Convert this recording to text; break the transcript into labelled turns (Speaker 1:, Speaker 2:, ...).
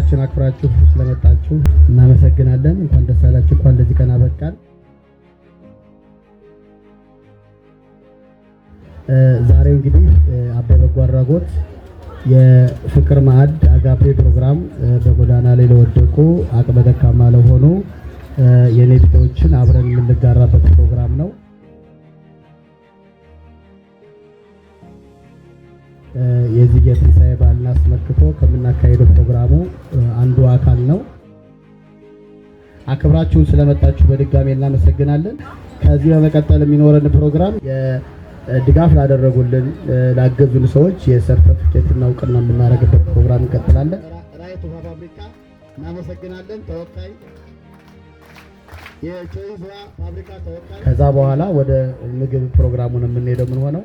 Speaker 1: ቀናችን አክብራችሁ ስለመጣችሁ እናመሰግናለን። እንኳን ደስ ያላችሁ። እንኳን ለዚህ ቀን አበቃል። ዛሬ እንግዲህ አባይ በጎ አድራጎት የፍቅር ማዕድ አጋፔ ፕሮግራም በጎዳና ላይ ለወደቁ አቅመ ደካማ ለሆኑ የኔ ቢጤዎችን አብረን የምንጋራበት ፕሮግራም ነው። የዚህ የትንሣኤ በዓልን አስመልክቶ ከምናካሄደው ፕሮግራሙ አንዱ አካል ነው። አክብራችሁን ስለመጣችሁ በድጋሜ እናመሰግናለን። ከዚህ በመቀጠል የሚኖረን ፕሮግራም ድጋፍ ላደረጉልን ላገዙን ሰዎች የሰርተፍኬት እና እውቅና የምናደርግበት ፕሮግራም እንቀጥላለን። ራይት ውሃ ፋብሪካ እናመሰግናለን። ተወካይ የቾይዝ ፋብሪካ ተወካይ። ከዛ በኋላ ወደ ምግብ ፕሮግራሙን የምንሄደው ምን ሆነው